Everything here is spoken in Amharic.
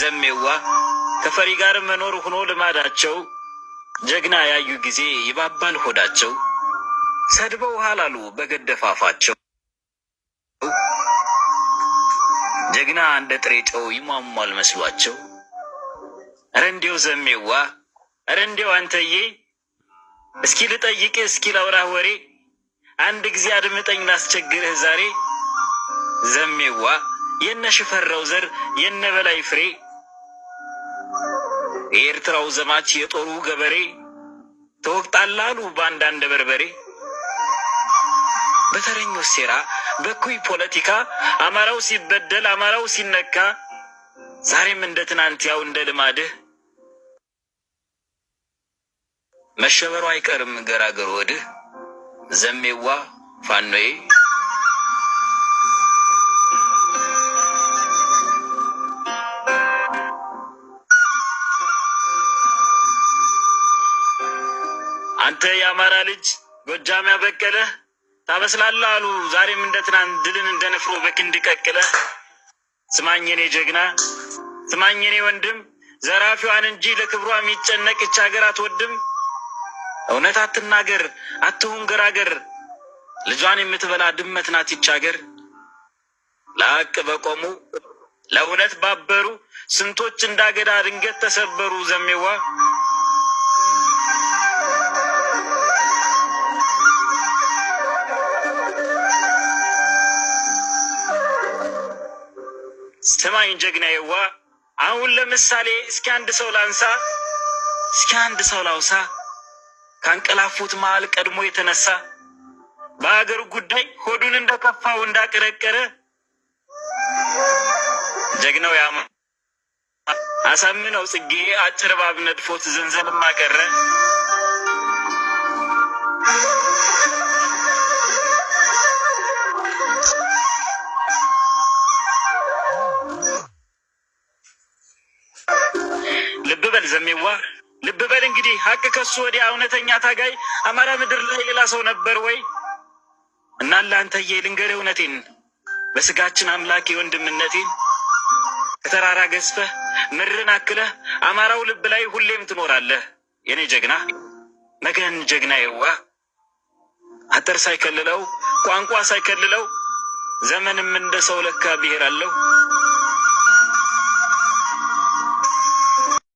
ዘሜዋ ከፈሪ ጋር መኖር ሆኖ ልማዳቸው ጀግና ያዩ ጊዜ ይባባል ሆዳቸው። ሰድበው ሀላሉ በገደፋፋቸው ጀግና እንደ ጥሬ ጨው ይሟሟል መስሏቸው። ረንዴው ዘሜዋ ረንዴው አንተዬ እስኪ ልጠይቅ እስኪ ላውራህ ወሬ አንድ ጊዜ አድምጠኝ ላስቸግርህ ዛሬ ዘሜዋ የነ ሽፈራው ዘር የነ በላይ ፍሬ የኤርትራው ዘማች የጦሩ ገበሬ ተወቅጣላሉ በአንዳንድ በርበሬ። በተረኞች ሴራ በኩይ ፖለቲካ አማራው ሲበደል አማራው ሲነካ ዛሬም እንደ ትናንት ያው እንደ ልማድህ መሸበሩ አይቀርም ገራገር ወድህ ዘሜዋ ፋኖዬ አንተ የአማራ ልጅ ጎጃም ያበቀለ ታበስላለህ አሉ። ዛሬም እንደ ትናንት ድልን እንደ ንፍሮ በክንድ ቀቅለ ስማኝ የኔ ጀግና፣ ስማኝ የኔ ወንድም፣ ዘራፊዋን እንጂ ለክብሯ የሚጨነቅ ይች ሀገር አትወድም። እውነት አትናገር፣ አትሁን ገራገር፣ ልጇን የምትበላ ድመት ናት ይች ሀገር። ለሀቅ በቆሙ ለእውነት ባበሩ ስንቶች እንዳገዳ ድንገት ተሰበሩ ዘሜዋ ስማኝ ጀግና የዋ አሁን ለምሳሌ እስኪ አንድ ሰው ላንሳ፣ እስኪ አንድ ሰው ላውሳ፣ ካንቀላፉት መሃል ቀድሞ የተነሳ በአገር ጉዳይ ሆዱን እንደከፋው እንዳቀረቀረ ጀግናው ያማ አሳምነው ጽጌ አጭር ባብ ነድፎት ዘንዘልም አቀረ። ልብ በል ዘሜዋ ልብ በል እንግዲህ ሀቅ ከሱ ወዲያ እውነተኛ ታጋይ አማራ ምድር ላይ ሌላ ሰው ነበር ወይ? እና ለአንተዬ ልንገር እውነቴን በስጋችን አምላክ የወንድምነቴን ከተራራ ገዝፈህ ምርን አክለህ አማራው ልብ ላይ ሁሌም ትኖራለህ የኔ ጀግና መገን ጀግና የዋ አጠር ሳይከልለው ቋንቋ ሳይከልለው ዘመንም እንደ ሰው ለካ ብሔር አለው።